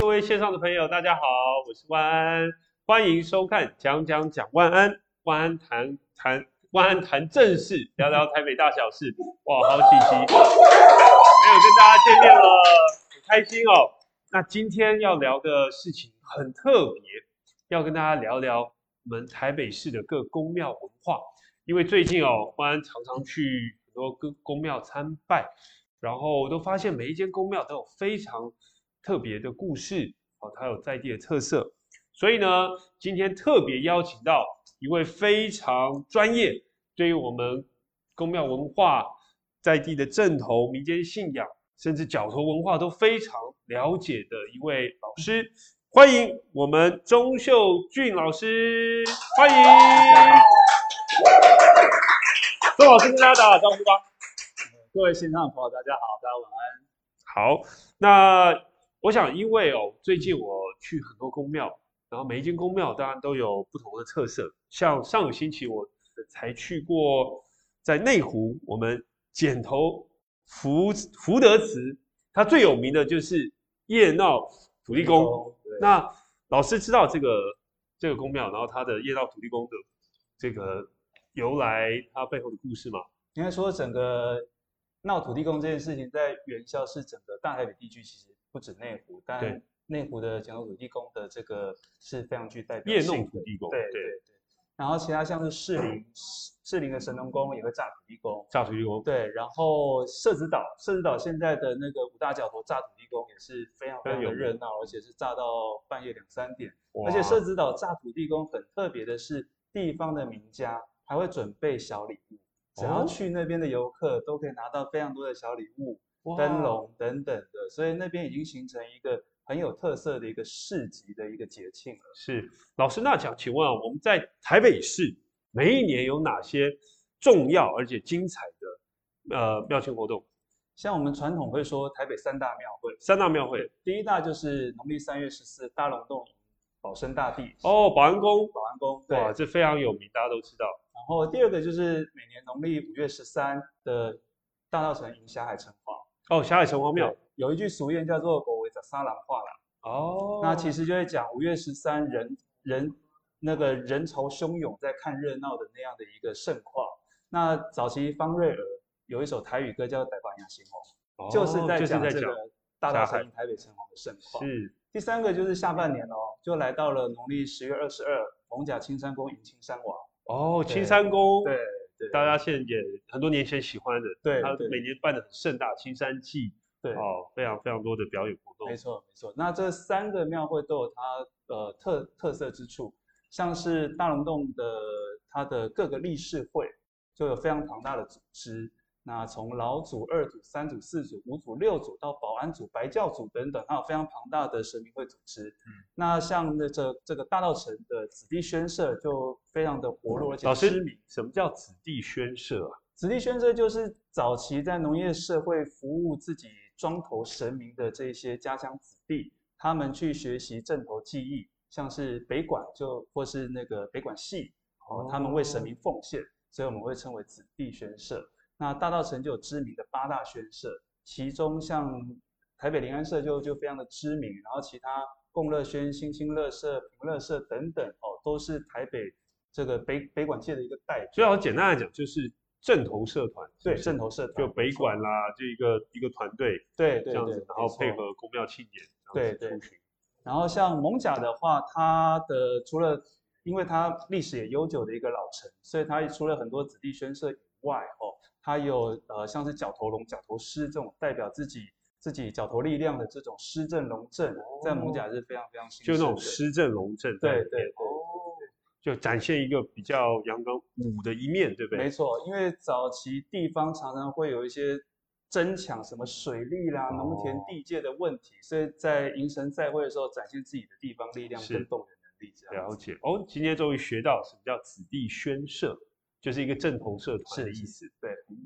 各位線上的朋友，大家好，我是萬安，歡迎收看《講講蔣萬安萬安談談萬安談政事》，聊聊台北大小事。哇，好稀奇，沒有跟大家見面了，很開心哦。那今天要聊的事情很特別，要跟大家聊聊我們台北市的各宮廟文化，因為最近哦，萬安常常去很多個宮廟參拜，然後我都發現每一間宮廟都有非常。特別的故事哦，它有在地的特色，所以呢，今天特別邀請到一位非常專業，對於我們宮廟文化、在地的陣頭民間信仰，甚至角頭文化都非常了解的一位老師，歡迎我們鍾秀雋老師，歡迎，鍾老師跟大家打個招呼吧。各位線上朋友，大家好，大家晚安。好，那。我想，因為哦，最近我去很多宮廟，然後每一間宮廟當然都有不同的特色。像上個星期我才去過在內湖，我們剪頭福福德祠，它最有名的就是夜鬧土地公、哦。那老師知道這個這個宮廟，然後它的夜鬧土地公的這個由來，它背後的故事嗎？應該說，整個鬧土地公這件事情，在元宵是整個大台北地區其實。不止內湖，但內湖的梘頭土地公的這個是非常具代表性的。夜弄土地公對對對，對。然後其他像是士林、嗯、士林的神農宮也會炸土地公。炸土地公。對，然後社子島、社子島現在的那個五大角頭炸土地公也是非常非常的熱鬧，而且是炸到半夜兩三點。而且社子島炸土地公很特別的是，地方的名家還會準備小禮物，只要去那邊的遊客、哦、都可以拿到非常多的小禮物、燈籠等等。所以那邊已經形成一個很有特色的一個市集的一個節慶了。是，老師那講，請問啊，我們在台北市每一年有哪些重要而且精彩的呃廟慶活動？像我們傳統會說台北三大廟會，三大廟會，第一大就是農曆三月十四大龍峒保生大帝哦，保安宮，保安宮對，哇，這非常有名，大家都知道。然後第二個就是每年農曆五月十三的大稻埕迎霞海城隍哦，霞海城隍廟。有一句俗諺叫做“狗尾扎沙狼畫廊。哦，那其實就會講五月十三人人那個人潮洶湧在看熱鬧的那樣的一個盛況。那早期方瑞爾有一首台語歌叫《台灣楊行》，紅》，就是在講這個大大山台北城隍的盛況。是第三個就是下半年哦、喔，就來到了農曆十月二十二，艋舺青山宮迎青山王。哦，青山宮，對對，對，大家現在也很多年前喜歡的，對，對他每年辦的很盛大青山祭。對，哦，非常非常多的表演活動，沒錯沒錯。那這三個廟會都有它呃特特色之處，像是大龍峒的它的各個歷史會就有非常龐大的組織，那從老祖、二祖、三祖、四祖、五祖、六祖到保安祖、白教祖等等，它有非常龐大的神明會組織。嗯，那像那這這個大稻埕的子弟軒社就非常的活絡。嗯，老師，什麼叫子弟軒社啊？子弟軒社就是早期在農業社會服務自己莊頭神明的這些家鄉子弟，他們去學習陣頭技藝，像是北管就或是那個北管戲哦，他們為神明奉獻，所以我們會稱為子弟軒社。那大稻埕就有知名的八大軒社，其中像台北靈安社就就非常的知名，然後其他共樂軒、新興樂社、平樂社等等哦，都是台北這個北北管界的一個代表。最好簡單來講就是。陣頭社團對，是是陣頭社團就北管啦，這一個一個團隊對，對，對，這樣子，然後配合宮廟慶典，對，對，然後像艋舺的話，它，的除了因為它歷史也悠久的一個老城，所以它除了很多子弟宣社以外，哦，它有呃像是角頭龍、角頭獅這種代表自己自己角頭力量的這種獅陣、龍、哦、陣，在艋舺是非常非常興，就那種獅陣、龍陣，對對對。就展現一個比較陽剛武的一面，對不對？沒錯，因為早期地方常常會有一些爭搶什麼水利啦、哦、農田地界的問題，所以在迎神賽會的時候展現自己的地方力量跟動員能力。這樣。了解哦，今天終於學到什麼叫子弟軒社，就是一個正統社團的意思。對，對。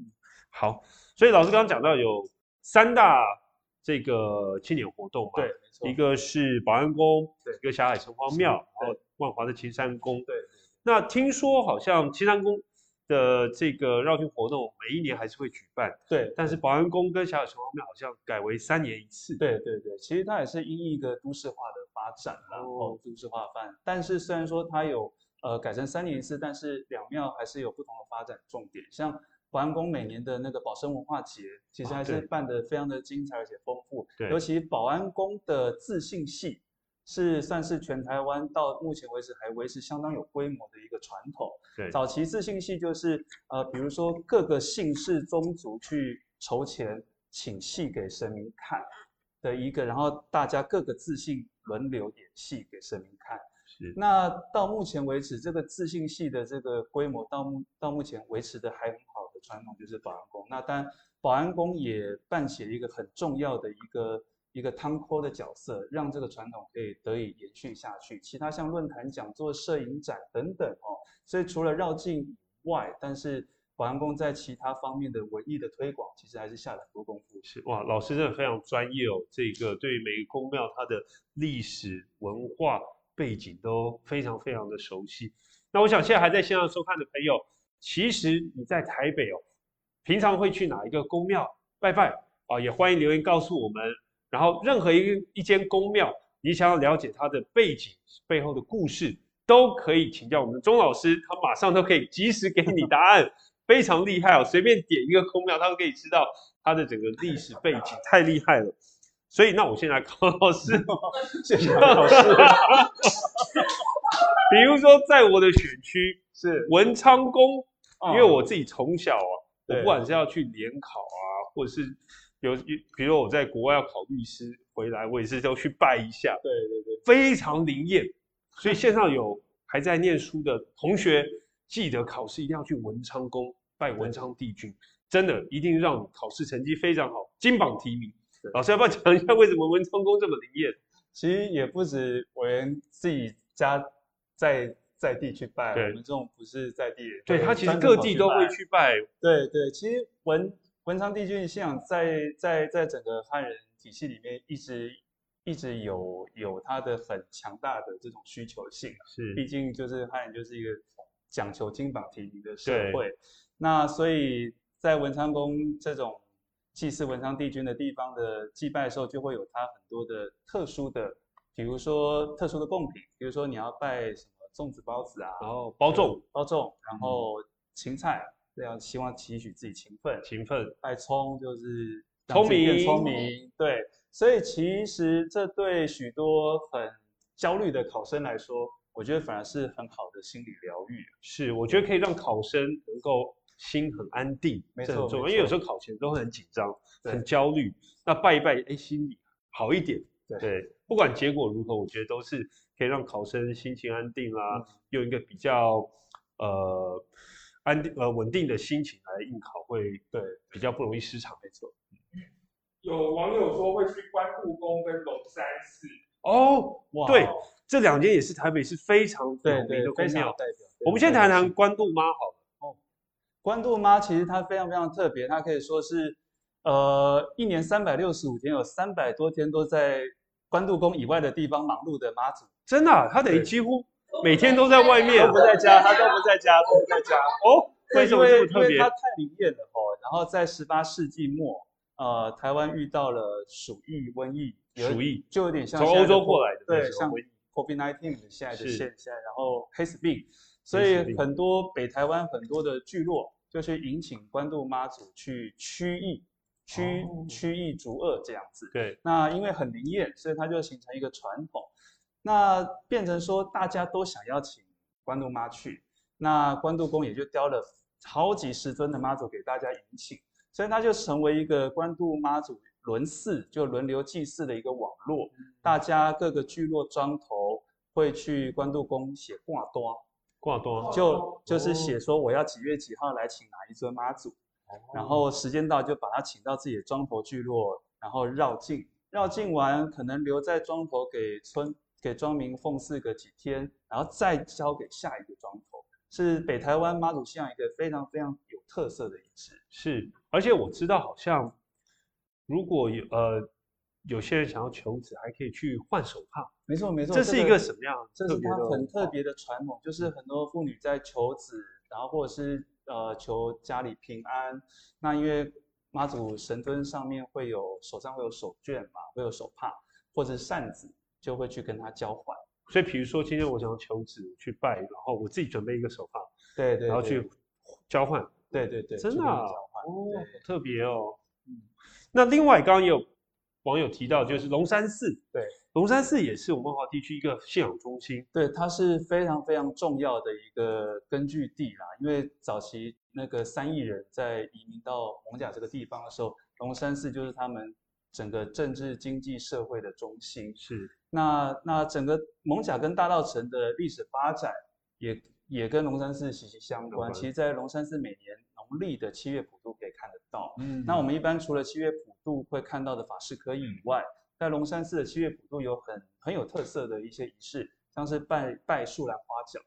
好，所以老師剛剛講到有三大。這個慶典活動嘛，對，沒錯，一個是保安宮，對，一個霞海城隍廟，然後萬華的青山宮對，對。那聽說好像青山宮的這個繞境活動每一年還是會舉辦，對。但是保安宮跟霞海城隍廟好像改為三年一次，對對對，對。其實它也是因一個都市化的發展，然後都市化發展，但是雖然說它有呃改成三年一次，但是兩廟還是有不同的發展重點，像。保安宮每年的那個保生文化節，其實還是辦得非常的精彩，而且豐富啊。對，尤其保安宮的字姓戲，是算是全台灣到目前為止還維持相當有規模的一個傳統。對，早期字姓戲就是呃，比如說各個姓氏宗族去籌錢請戲給神明看的一個，然後大家各個字姓輪流演戲給神明看。是，那到目前為止，這個字姓戲的這個規模到目到目前維持的還很好。傳統就是保安宮，那當然保安宮也扮演一個很重要的一個一個攤闊的角色，讓這個傳統可以得以延續下去。其他像論壇、講座、攝影展等等哦，所以除了繞境以外，但是保安宮在其他方面的文藝的推廣，其實還是下了很多功夫。是哇，老師真的非常專業哦，這個對於每個宮廟它的歷史文化背景都非常非常的熟悉。那我想現在還在線上收看的朋友。其實你在台北哦，平常會去哪一個宮廟拜拜啊，哦？也歡迎留言告訴我們。然後，任何一一間宮廟，你想要了解它的背景、背後的故事，都可以請教我們鍾老師，他馬上都可以及時給你答案， 非常厲害哦！隨便點一個宮廟，他都可以知道它的整個歷史背景， 太厲害了。所以，那我現在，鍾老師，謝 謝老師。 比如說，在我的選區是文昌宮。因為我自己從小啊、哦，我不管是要去聯考啊，或者是有，比如我在國外要考律師回來，我也是要去拜一下。對對對，非常靈驗。所以線上有還在念書的同學，記得考試一定要去文昌宮拜文昌帝君，真的一定讓你考試成績非常好，金榜題名。老師要不要講一下為什麼文昌宮這麼靈驗？其實也不止我們自己家在。在地去拜。對，我們這種不是在地，對，對，他其實各地都會去拜。對對，其實文文昌帝君信仰在在在整個漢人體系裡面一直一直有有他的很強大的這種需求性啊。是，畢竟就是漢人就是一個講求金榜題名的社會。那所以在文昌宮這種祭祀文昌帝君的地方的祭拜的時候，就會有他很多的特殊的，比如說特殊的供品，比如說你要拜什麼。粽子包子啊，然後包粽、啊，包粽，然後芹菜、啊，這樣、啊、希望期許自己勤奮，勤奮，拜蔥就是聰明，聰明，對，所以其實這對許多很焦慮的考生來說，我覺得反而是很好的心理療癒。是，我覺得可以讓考生能夠心很安定，沒錯,沒錯，因為有時候考前都會很緊張，很焦慮，那拜一拜，哎，心裡好一點對對，對，不管結果如何，我覺得都是。可以讓考生心情安定啊，用一個比較呃安定呃穩定的心情來應考，會對比較不容易失常沒錯。有網友說會去關渡宮跟龍山寺哦，哇，對，這兩間也是台北市非常有名的宮廟對對非常,非常代表。我們先談談關渡媽好了。哦，關渡媽其實她非常非常特別，她可以說是呃一年三百六十五天，有三百多天都在關渡宮以外的地方忙碌的媽祖。真的、啊，他得幾乎每天都在外面、啊，他都不在家，他都不在家，都 不在家。 哦，為什麼這麼特別？因為他太靈驗了哦。然後在十八世紀末，呃，台灣遇到了鼠疫、瘟疫，鼠疫有就有點像從歐洲過來的，對，對像 COVID-19 那種現在的現象。然後黑死、黑死病，所以很多北台灣很多的聚落，就是迎請關渡媽祖去驅疫、驅驅疫逐惡這樣子。對，那因為很靈驗，所以它就形成一個傳統。那變成說，大家都想要請關渡媽去，那關渡宮也就雕了好幾十尊的媽祖給大家迎請，所以它就成為一個關渡媽祖輪祀，就輪流祭祀的一個網絡。嗯。大家各個聚落莊頭會去關渡宮寫掛單，掛單就就是寫說我要幾月幾號來請哪一尊媽祖。哦，然後時間到就把她請到自己的莊頭聚落，然後繞境，繞境完可能留在莊頭給村。給莊民奉祀個幾天，然後再交給下一個莊頭，是北台灣媽祖信仰一個非常非常有特色的儀式。是，而且我知道好像如果有呃有些人想要求子，還可以去換手帕。沒錯沒錯，這是一個什麼樣？這是它很特別的傳統的，就是很多婦女在求子，然後或者是呃求家裡平安。那因為媽祖神尊上面會有手上會有手絹嘛，會有手帕或者是扇子。就會去跟他交換，所以比如說今天我想要求子去拜，然後我自己準備一個手帕，對對，對，然後去交換，對對對，真的、啊、交換哦，對對對，特別哦。嗯，那另外剛剛有網友提到，就是龍山寺，對，龍山寺也是我們華地區一個信仰中心，對，它是非常非常重要的一個根據地啦，因為早期那個三億人在移民到艋舺這個地方的時候，龍山寺就是他們。整個政治、經濟、社會的中心，是那那整個艋舺跟大稻埕的歷史發展也也跟龍山寺息息相關。其實，在龍山寺每年農曆的七月普渡可以看得到。嗯，那我們一般除了七月普渡會看到的法事科儀以外，在龍山寺的七月普渡有很很有特色的一些儀式，像是拜拜樹蘭花角。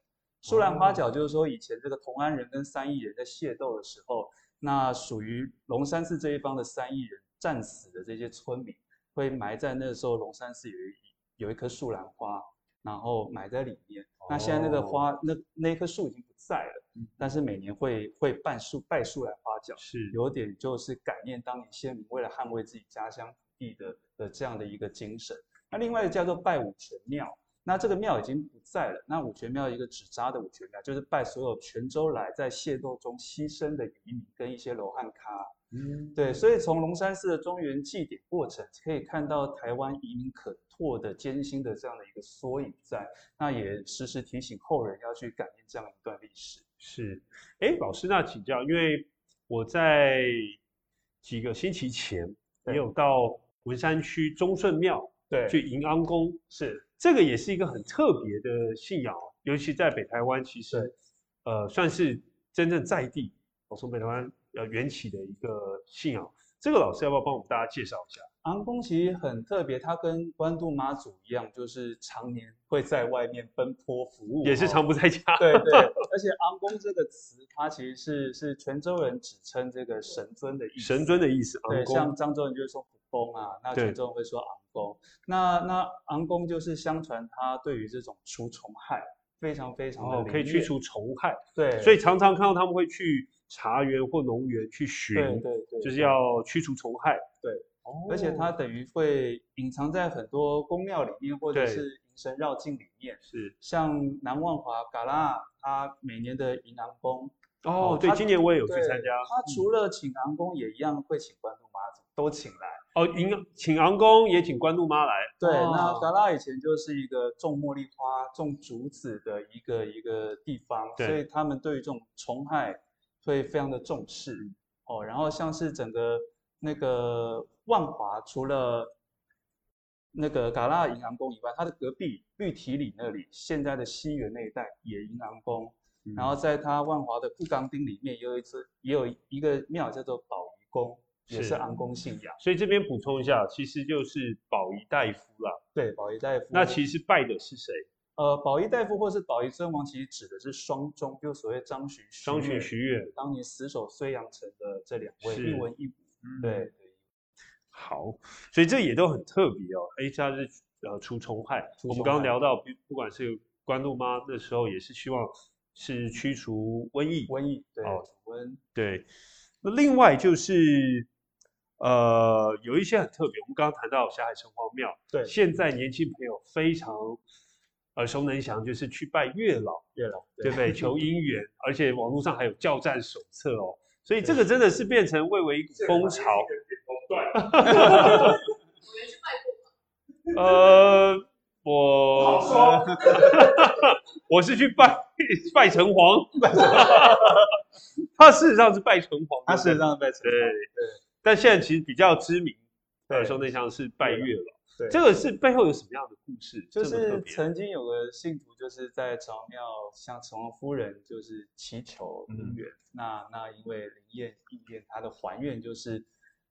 樹蘭花角就是說以前這個同安人跟三邑人在械鬥的時候，那屬於龍山寺這一方的三邑人，戰死的這些村民會埋在那時候龍山寺有一有一棵樹蘭花，然後埋在裡面。那現在那個花、哦、那那棵樹已經不在了，嗯、但是每年會、嗯、會拜樹拜樹蘭花腳，是有點就是感念當年先民為了捍衛自己家鄉土地的的這樣的一個精神。那另外叫做拜五泉廟，那這個廟已經不在了。那五泉廟一個紙扎的五泉廟，就是拜所有泉州來在械鬥中犧牲的漁民跟一些羅漢腳。嗯，對，所以從龍山寺的中元祭典過程，可以看到台灣移民可拓的艱辛的這樣的一個縮影在，那也時時提醒後人要去感念這樣一段歷史。是，哎，老師，那請教，因為我在幾個星期前也有到文山區忠順廟，對，去迎安宮，是這個也是一個很特別的信仰，尤其在北台灣，其實呃算是真正在地，我從北台灣。呃，緣起的一個信仰，這個老師要不要幫我們大家介紹一下？昂公其實很特別，他跟關渡媽祖一樣，就是常年會在外面奔波服務，也是常不在家。對對，而且“昂公”這個詞，它其實是是泉州人指稱這個神尊的意思。神尊的意思，對，像漳州人就是說“古公”啊，那泉州人會說昂“昂公”。那那昂公就是相傳他對於這種除蟲害非常非常的、哦、可以去除蟲害，對，所以常常看到他們會去。茶園或農園去巡。對，對，對，就是要驅除蟲害，對、哦，而且它等於會隱藏在很多宮廟裡面，或者是迎神繞境裡面，是。像南萬華加蚋，它每年的迎尪公，哦，哦，對，今年我也有去參加。嗯、它除了請尪公，也一樣會請關渡媽都請來。哦，迎請尪公也請關渡媽來。對、哦，那加蚋以前就是一個種茉莉花、種竹子的一個一個地方，對，所以他們對於這種蟲害。會非常的重視哦，然後像是整個那個萬華，除了那個加蚋尪公宮以外，它的隔壁綠提里那裡現在的西園那一帶也尪公宮、嗯，然後在它萬華的堀江町裡面有一個也有一個廟叫做保儀宮，也是尪公信仰，所以這邊補充一下，其實就是保儀大夫啦。對，保儀大夫。那其實拜的是誰？呃，保儀大夫或是保儀尊王，其實指的是雙忠，就所謂張巡、許雙巡、許遠當年死守睢陽城的這兩位，一文一武。對，好，所以這也都很特別哦。A 加是呃，除蟲害我們剛剛聊到，不不管是，關渡媽那時候也是希望是驅除瘟疫，瘟疫對哦，除瘟。對，那另外就是呃，有一些很特別，我們剛剛談到霞海城隍廟，對，現在年輕朋友非常。耳、呃、熟能詳就是去拜月老，月老對,對不對？求姻緣，而且網絡上還有教戰手冊哦，所以這個真的是變成蔚為一股風潮。對，我們去拜過嗎？呃，我，好說 我是去拜拜城隍， 他事實上是拜城隍，他事實上拜城隍，對，但現在其實比較知名耳熟、呃、能詳是拜月老。對，這個是背後有什麼樣的故事？就是曾經有個信徒，就是在城隍廟向城隍夫人就是祈求姻緣，嗯。那那因為靈驗應驗，他的還願就是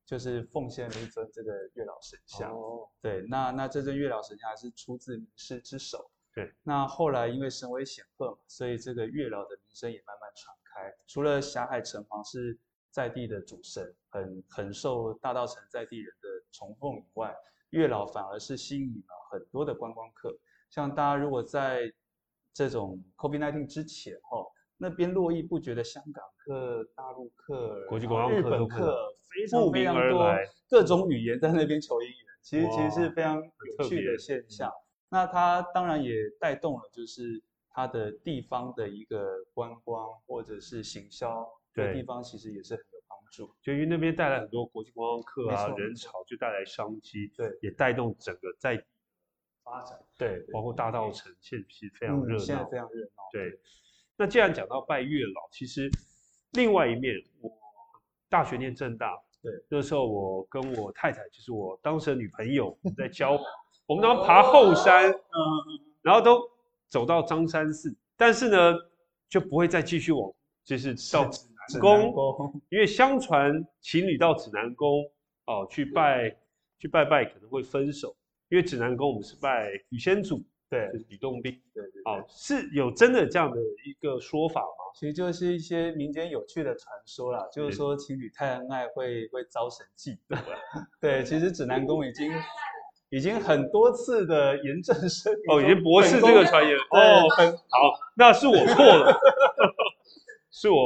就是奉獻了一尊這個月老神像。哦、對，那那這尊月老神像還是出自名師之手。對，那後來因為神威顯赫嘛，所以這個月老的名聲也慢慢傳開。除了霞海城隍是在地的主神，很很受大稻埕在地人的崇奉以外，月老反而是吸引了很多的觀光客，像大家如果在這種 COVID-19 之前哈，那邊絡繹不絕的香港客、大陸客、客、國際觀光客、日本客，非常非常多，各種語言在那邊求姻緣，其實其實是非常有趣的現象。那它當然也帶動了就是它的地方的一個觀光或者是行銷，這地方其實也是很。就因為那邊帶來很多國際觀光客啊，人潮就帶來商機，對，也帶動整個在地發展對，對，包括大稻埕現在是非常熱鬧，嗯、現在非常熱鬧，對。那既然講到拜月老，其實另外一面，我大學念政大，對，那時候我跟我太太，就是我當時的女朋友我們在交往， 我們當時爬後山， 嗯嗯然後都走到樟山寺，但是呢就不會再繼續往，就是到。是指南宮，因為相傳情侶到指南宮 哦去拜去拜拜可能會分手，因為指南宮我們是拜呂仙祖，對，呂洞賓，對對，對對，哦是有真的這樣的一個說法嗎？其實就是一些民間有趣的傳說啦，就是說情侶太恩愛會會遭神嫉對， 對，其實指南宮已經 已經很多次的嚴正聲明，哦已經駁斥這個傳言。哦，哦好，那是我錯了， 是我。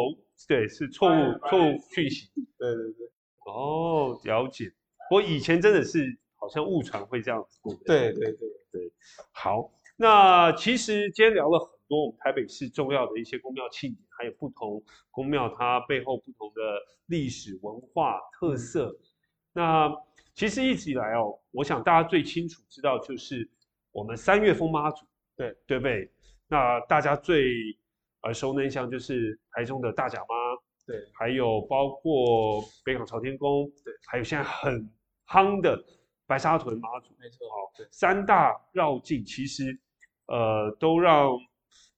對，是錯誤 bye, bye. 錯誤訊息。對對對。哦，了解。我以前真的是好像誤傳會這樣子對對。對對對對,對,對。好，那其實今天聊了很多我們台北市重要的一些宮廟慶典，還有不同宮廟它背後不同的歷史文化特色、嗯。那其實一直以來哦，我想大家最清楚知道就是我們三月瘋媽祖，嗯、對對不對？那大家最。而收那一耳熟能詳就是台中的大甲媽，對，還有包括北港朝天宮，對，還有現在很夯的白沙屯媽祖，沒錯哈，對，三大繞境其實，呃，都讓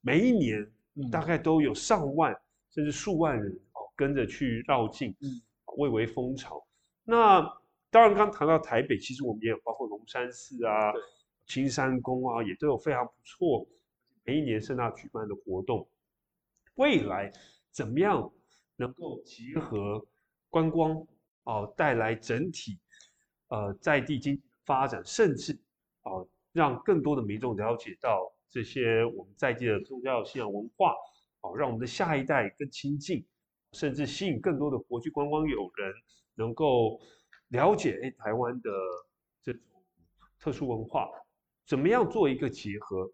每一年大概都有上萬甚至數萬人哦跟着去繞境，嗯，蔚為、哦、風潮。嗯、那當然剛剛談到台北，其實我們也有包括龍山寺啊、對青山宮啊，也都有非常不錯每一年盛大舉辦的活動。未來怎麼樣能夠結合觀光哦，帶來整體呃在地經濟的發展，甚至哦讓更多的民眾了解到這些我們在地的宗教信仰文化哦，讓我們的下一代更親近，甚至吸引更多的國際觀光友人能夠了解誒台灣的這種特殊文化，怎麼樣做一個結合？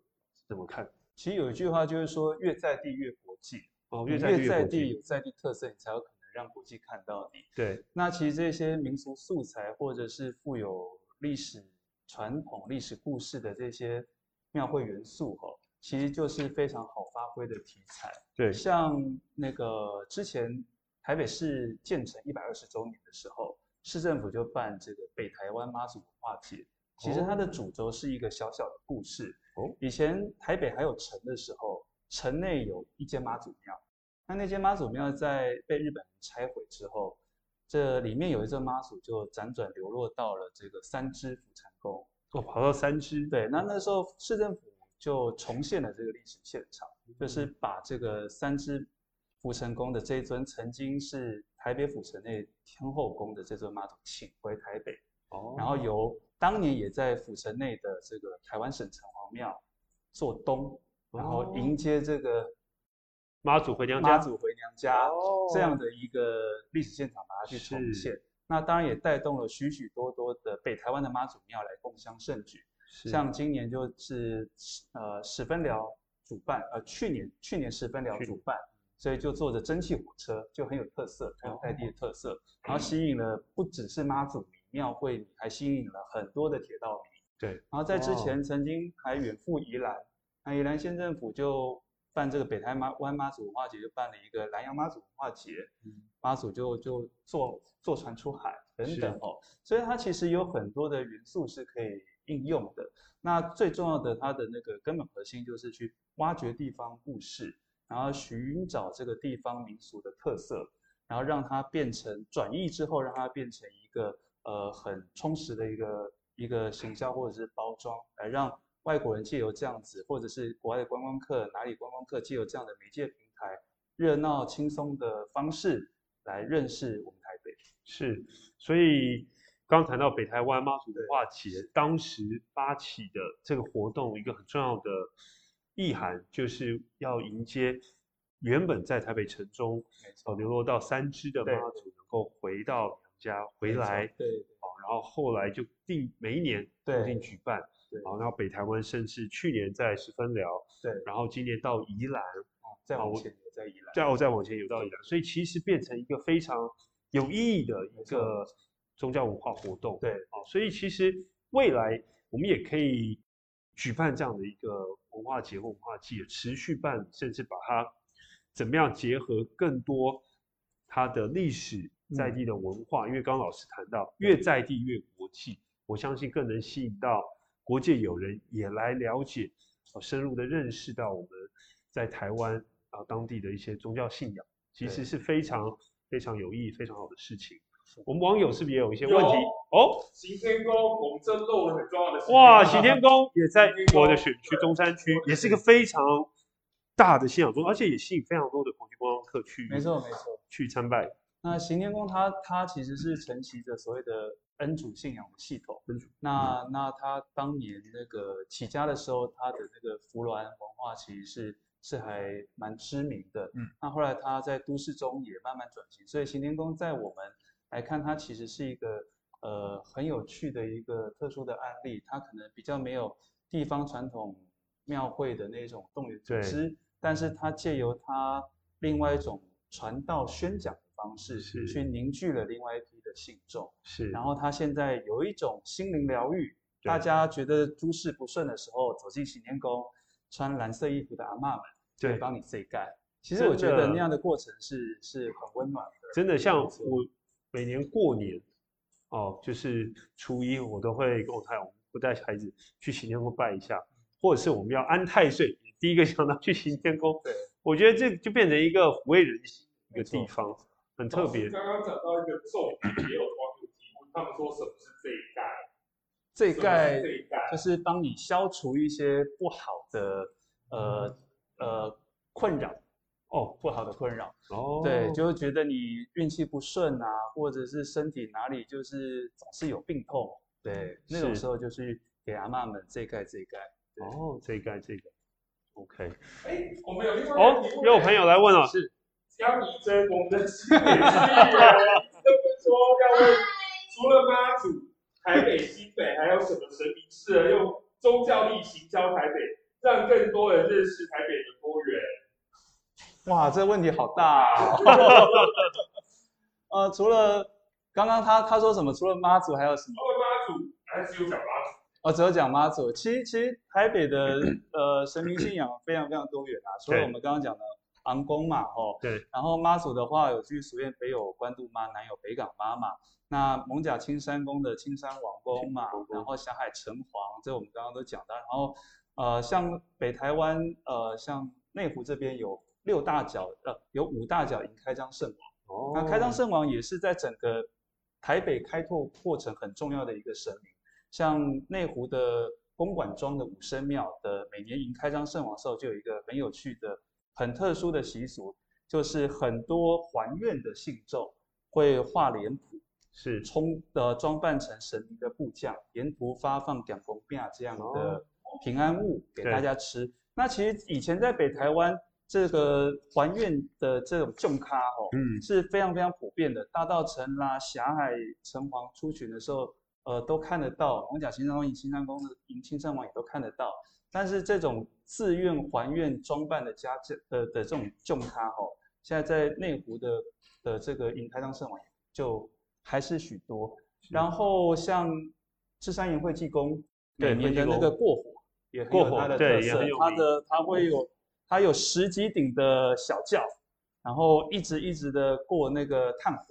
怎麼看？其實有一句話就是說，越在地越。因、哦、越，越，越在地有在地特色，你才有可能讓國際看到你。對，那其實這些民俗素材，或者是富有歷史傳統、歷史故事的這些廟會元素、哦、哈，其實就是非常好發揮的題材。對，像那個之前台北市建成一百二十週年的時候，市政府就辦這個北台灣媽祖文化節，其實它的主軸是一個小小的故事。哦，以前台北還有城的時候。城內有一間媽祖廟，那那間媽祖廟在被日本人拆毀之後，這裡面有一尊媽祖就輾轉流落到了這個三芝福成宮。哦，跑到三芝。對，那那時候市政府就重現了這個歷史現場，就是把這個三芝福成宮的這一尊曾經是台北府城內天後宮的這尊媽祖請回台北。哦，然後由當年也在府城內的這個台灣省城隍廟做東。然後迎接這個媽祖回娘家，媽祖回娘家這樣的一個歷史現場，把它去呈現。那當然也帶動了許許多多的北台灣的媽祖廟來共襄盛舉。是，像今年就是呃十分寮主辦，呃去年去年十分寮主辦，所以就坐着蒸汽火車，就很有特色，很有在地的特色，哦。然後吸引了不只是媽祖廟會，還吸引了很多的鐵道迷。對，然後在之前曾經還遠赴宜蘭。那宜蘭縣政府就辦這個北台灣媽祖文化節，就辦了一個南洋媽祖文化節，媽祖就就坐坐船出海等等哦，所以它其實有很多的元素是可以應用的。那最重要的，它的那個根本核心就是去挖掘地方故事，然後尋找這個地方民俗的特色，然後讓它變成轉譯之後，讓它變成一個呃很充實的一個一個形象或者是包裝，來讓外國人借由這樣子，或者是國外的觀光客，哪裡觀光客借由這樣的媒介平台，熱鬧輕鬆的方式來認識我們台北。是，所以剛談到北台灣媽祖文化節，當時發起的這個活動，一個很重要的意涵就是要迎接原本在台北城中流落、哦、到三芝的媽祖能夠回到娘家回來。對，然後後來就定每一年固定舉辦。對好，然後北台灣甚至去年在十分寮，對，然後今年到宜蘭，哦，再往前在，再往再再往前也到宜蘭，所以其實變成一個非常有意義的一個宗教文化活動。對，好、哦，所以其實未來我們也可以舉辦這樣的一個文化節或文化節，持續辦，甚至把它怎麼樣結合更多它的歷史、嗯、在地的文化，因為剛剛老師談到、嗯、越在地越國際，我相信更能吸引到。國際友人也來了解，深入的認識到我們在台灣啊當地的一些宗教信仰，其實是非常非常有意義、非常好的事情。我們網友是不是也有一些問題哦？行、oh, 天宮我們爭論了很重要的事哇，行天宮也在我的選區中山區，也是一個非常大的信仰中心，而且也吸引非常多的國際觀光客去，沒錯沒錯，去參拜。那行天宮他，它它其實是承襲着所謂的。恩主信仰的系統，嗯、那那他當年那個起家的時候，嗯、他的那個扶鸞文化其實是、嗯、是還蠻知名的。嗯，那後來他在都市中也慢慢轉型，所以行天宮在我們來看，它其實是一個呃很有趣的一個特殊的案例。它可能比較沒有地方傳統廟會的那種動員組織，但是它借由它另外一種傳道宣講。方式是去凝聚了另外一批的信眾，是。然後他現在有一種心靈療癒，大家覺得諸事不順的時候，走進行天宮，穿藍色衣服的阿媽們，對，幫你收驚。其實我覺得那樣的過程是是很溫暖的。真的，像我每年過年、嗯、哦，就是初一，我都會跟我太太不帶孩子去行天宮拜一下，或者是我們要安太歲，第一個想到去行天宮。對，我覺得這就變成一個撫慰人心的一個地方。很特別。剛剛講到一個重點也有幫助，他們說什麼是這一蓋？這一蓋就是幫你消除一些不好的、嗯、呃呃、嗯、困擾。哦，不好的困擾。哦，對，就是覺得你運氣不順啊，或者是身體哪裡就是總是有病痛，對，那種時候就是給阿媽們這一蓋這一蓋。哦，這一蓋這一蓋。OK。哎，我們有一方有、哦、朋友來問啊，是。江宜真，我們的新北市、啊、 說，要問除了媽祖，台北、新北還有什麼神明適合、啊、用宗教力行銷台北，讓更多人認識台北的多元。哇，這問題好大、啊！ 呃，除了剛剛他他說什麼？除了媽祖還有什麼？除了媽祖，還是只有講媽祖？哦，只有講媽祖。其實，其實台北的呃神明信仰非常非常多元啊，除了我們剛剛講的。王公嘛，吼。對。然後媽祖的話，有句俗諺，北有關渡媽，南有北港媽媽。那艋舺青山宮的青山王公嘛，嗯嗯、然後霞海城隍，這我們剛剛都講到。然後，呃，像北台灣，呃，像內湖這邊有六大角，呃，有五大角迎開漳聖王。哦。那開漳聖王也是在整個台北開拓過程很重要的一個神明。像內湖的公館莊的武聖廟的，每年迎開漳聖王時候，就有一個很有趣的。很特殊的習俗，就是很多還願的信眾會畫臉譜，是充的、呃、裝扮成神明的部將，沿途發放點心餅這樣的平安物給大家吃。哦、那其實以前在北台灣這個還願的這種重咖吼、喔嗯，是非常非常普遍的，大稻埕啦、霞海城隍出巡的時候，呃都看得到。艋舺講青山宮迎青山宮的迎青山王也都看得到。但是這種自願還願裝扮的家這呃的這種轎咖哈，現在在內湖的的這個影台上上網就還是許多是，然後像芝山岩惠濟宮對，面的那個，那個過火，過火也很有它的特色，他的他會有他有十幾頂的小轎，然後一直一直的過那個炭火。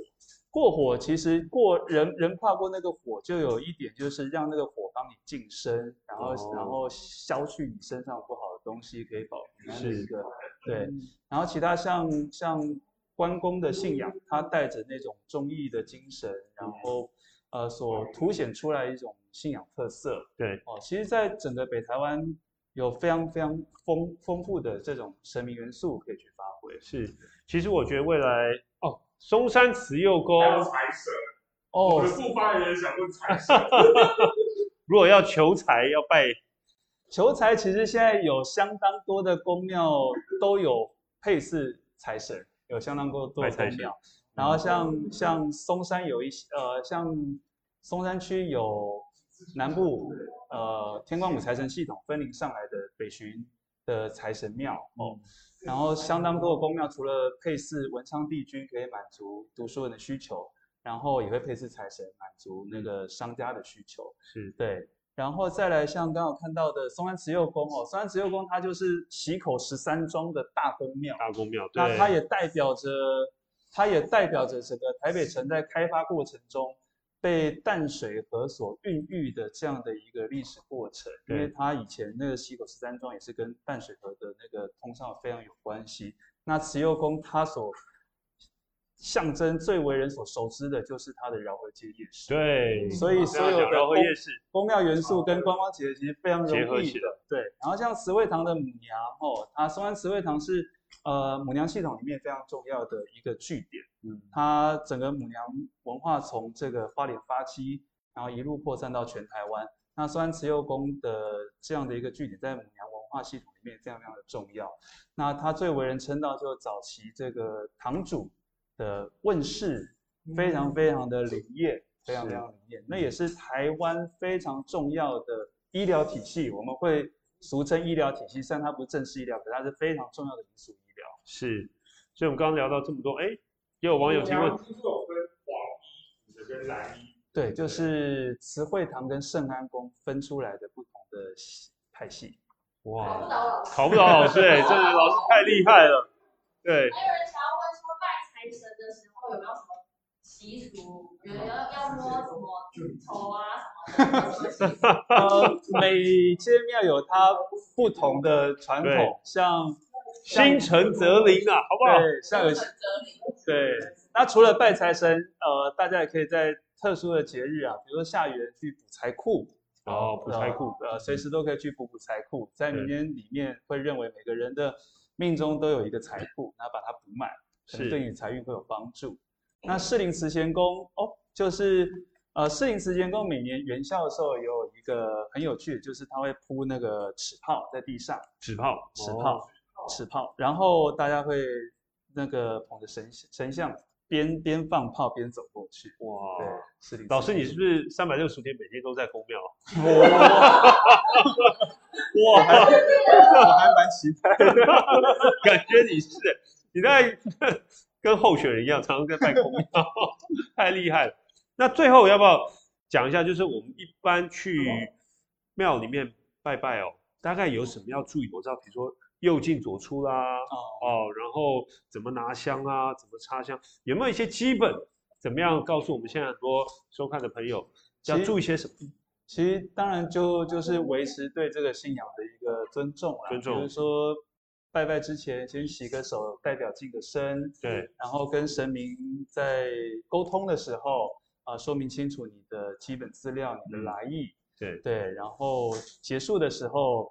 過火其實過人人跨過那個火，就有一點就是讓那個火幫你淨身，然後、哦、然後消去你身上不好的東西，可以保平安、那個、是一個對。然後其他像像關公的信仰，他帶着那種忠義的精神，然後、嗯、呃所凸顯出來一種信仰特色。對哦，其實，在整個北台灣有非常非常豐豐富的這種神明元素可以去發揮。是，其實我覺得未來哦。松山慈祐宮財神哦，副、oh, 發言人想問財神， 如果要求財要拜，求財其實現在有相當多的宮廟 都有配祀財神，有相當多多財神廟。然後像像松山有一些呃，像松山區有南部 呃天官武財神系統分靈上來的北巡的財神廟哦。Oh. 然後相當多的宮廟除了配祀文昌帝君，可以滿足讀書人的需求，然後也會配祀財神，滿足那個商家的需求。是對，然後再來像剛剛有看到的松山慈祐宮哦，松山慈祐宮它就是錫口十三莊的大宮廟，大宮廟，那它也代表着，它也代表着整個台北城在開發過程中。被淡水河所孕育的這樣的一個歷史過程，因為它以前那個溪口十三莊也是跟淡水河的那個通商非常有關係。那慈幼宮它所象徵最為人所熟知的就是它的饒河街夜市，對，所以所有的公饒河夜市宮廟元素跟觀光，光節其實非常容易的。對，然後像慈惠堂的母娘吼，它雖然慈惠堂是。呃，母娘系統裡面非常重要的一個據點，嗯，它整個母娘文化從這個花蓮發跡，然後一路擴散到全台灣。那雖然慈幼宮的這樣的一個據點在母娘文化系統裡面非常非常的重要，那它最為人稱道就是早期這個堂主的問世，非常非常的靈驗，嗯，非常非常靈驗。那也是台灣非常重要的醫療體系，我們會。俗稱醫療體系，雖然它不是正式醫療，可是它是非常重要的民俗醫療。是，所以我們剛剛聊到這麼多，哎、欸，又有網友提問。黃衣服的跟藍衣。對，就是慈惠堂跟聖安宮分出來的不同的派系。哇。考不倒老師哎，真的， 老師太厲害了。對。哈哈哈哈哈！呃，每間廟有它不同的傳統，像心誠則靈啊，好不好？對，心誠則靈。對，那除了拜財神，呃，大家也可以在特殊的節日啊，比如說下元去補財庫。哦，補財庫，呃，隨時都可以去補補財庫。在民間裡面會認為每個人的命中都有一個財庫，然後把它補滿，是對你財運會有幫助。那士林慈賢宮哦，就是。呃，攝影時間，跟每年元宵的時候有一個很有趣，就是他會鋪那個紙炮在地上，紙炮、紙炮、紙、哦、炮、炮，然後大家會那個捧着神神像邊，邊邊放炮邊走過去。哇！師老師，你是不是三百六十五天每天都在宮廟、哦 哇還？哇，我還蠻期待的， 感覺你是你在跟候選人一樣，常常在拜宮廟，太厲害了。那最後要不要講一下？就是我們一般去廟裡面拜拜哦，大概有什麼要注意？我知道，比如說右進左出啦、啊，哦，然後怎麼拿香啊，怎麼插香，有沒有一些基本？怎麼樣告訴我們現在很多收看的朋友要注意些什麼其？其實，當然就就是維持對這個信仰的一個尊重啊。尊重，比如說拜拜之前先洗個手，代表淨個身。對，嗯，然後跟神明在溝通的時候。啊、呃，說明清楚你的基本資料，嗯、你的來意。對對，然後結束的時候，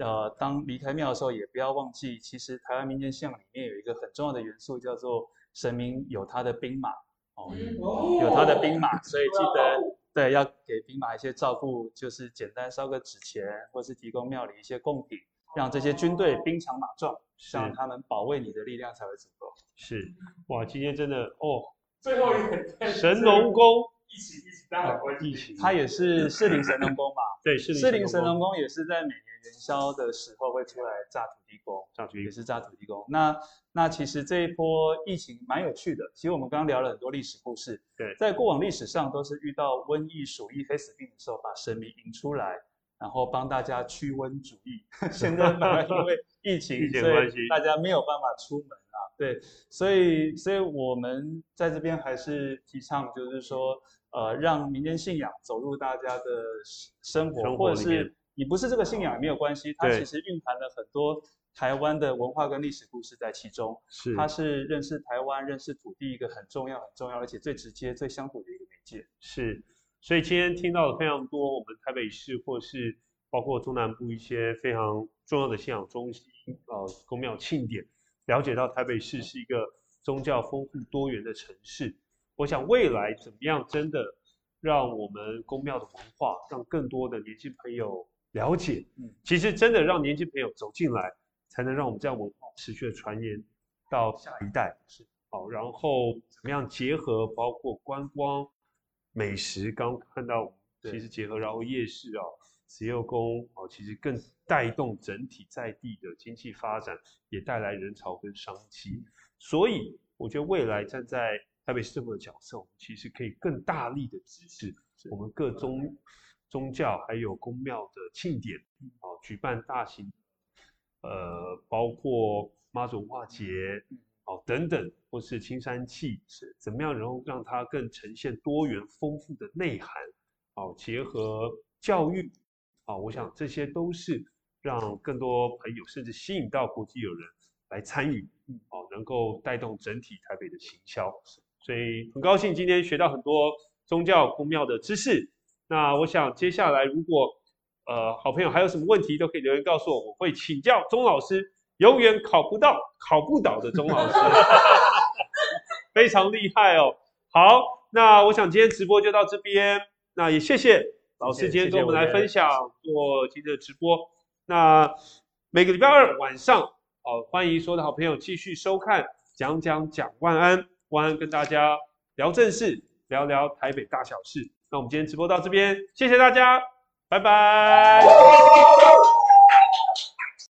呃，當離開廟的時候，也不要忘記。其實台灣民間信仰裡面有一個很重要的元素，叫做神明有他的兵馬哦、嗯、哦，有他的兵馬，所以記得、哦、對，要給兵馬一些照顧，就是簡單燒個紙錢，或是提供廟裡一些供品，讓這些軍隊兵強馬壯，讓他們保衛你的力量才會足夠。是，哇，今天真的哦。最後一點，神農宮一起一起，當然會一起。它也是士林神農宮吧？ 對，士林神農宮也是在每年元宵的時候會出來炸土地公，炸土地公，也是炸土地公。那那其實這一波疫情蠻有趣的。其實我們剛剛聊了很多歷史故事。對，在過往歷史上都是遇到瘟疫、鼠疫、黑死病的時候，把神明引出來，然後幫大家驅瘟逐疫。 現在因為疫情， 疫情，所以大家沒有辦法出門。對，所以，所以我們在這邊還是提倡，就是說，呃，讓民間信仰走入大家的生活生活，或者是你不是這個信仰也沒有關係、嗯，它其實蘊含了很多台灣的文化跟歷史故事在其中，是，它是認識台灣、認識土地一個很重要、很重要，而且最直接、最鄉土的一個媒介。是，所以今天聽到了非常多我們台北市或是包括中南部一些非常重要的信仰中心，呃，宮廟慶典。了解到台北市是一個宗教豐富多元的城市，我想未來怎麼樣真的讓我們宮廟的文化讓更多的年輕朋友了解，其實真的讓年輕朋友走進來，才能讓我們這樣文化持續的傳延到下一代，是。好，然後怎麼樣結合包括觀光、美食，剛看到其實結合，然後夜市啊。自由宮哦，其實更帶動整體在地的經濟發展，也帶來人潮跟商機。所以我覺得未來站在台北市政府的角色，我們其實可以更大力的支持我們各宗宗教還有宮廟的慶典、嗯、啊，舉辦大型呃，包括媽祖文化節哦、啊、等等，或是青山祭是怎麼樣，然後讓它更呈現多元豐富的內涵哦、啊，結合教育。啊、哦，我想這些都是讓更多朋友，甚至吸引到國際友人來參與，哦，能夠帶動整體台北的行銷。所以很高興今天學到很多宗教宮廟的知識。那我想接下來如果呃好朋友還有什麼問題，都可以留言告訴我，我會請教鍾老師，永遠考不到、考不倒的鍾老師， 非常厲害哦。好，那我想今天直播就到這邊，那也謝謝。老師今天跟我們來分享做今天的直播，謝謝。那每個禮拜二晚上，好、哦、歡迎所有的好朋友繼續收看，講講蔣萬安，萬安跟大家聊政事，聊聊台北大小事。那我們今天直播到這邊，謝謝大家，拜拜。哦哦哦哦。